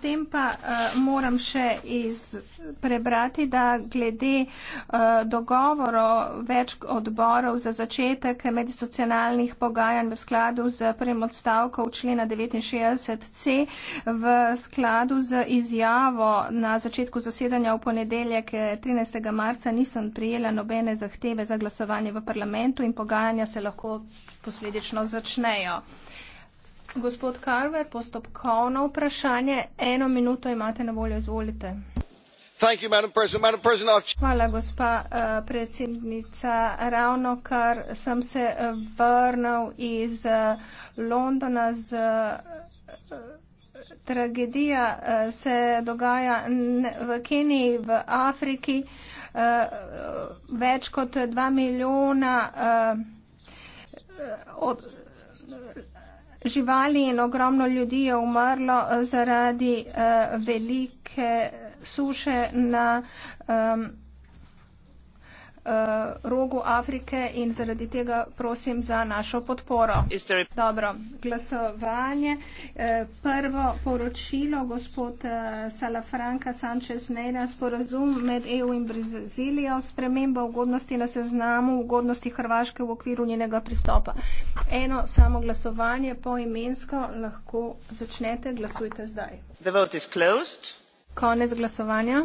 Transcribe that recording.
Potem pa uh, moram še iz prebrati, da glede uh, dogovorov več odborov za začetek medistocionalnih pogajanj v skladu z prvim odstavkom člena 69c v skladu z izjavo na začetku zasedanja v ponedeljek 13. Eh, marca nisem prijela nobene zahteve za glasovanje v parlamentu in pogajanja se lahko posledično začnejo. Uh, Gospod Carver, postopkovno vprašanje. Eno minuto imate na voljo, izvolite. Thank you, Madam President. Madam President, I've... Hvala, gospa uh, predsednica. Ravno kar sem se eh, vrnil iz uh, Londona z uh, Tragedija se dogaja v Keniji, v Afriki. Več kot dva milijona živali in ogromno ljudi je umrlo eh, zaradi uh, velike suše na um, Eh, rogu Afrike in zaradi tega prosim za našo podporo. Dobro, glasovanje. Eh, prvo poročilo, gospod eh, Salafranka Sanchez Neira, sporazum med EU in Brazilijo, sprememba ugodnosti na seznamu ugodnosti Hrvaške v okviru njenega pristopa. Eno samo glasovanje poimensko lahko začnete, glasujte zdaj. Konec glasovanja.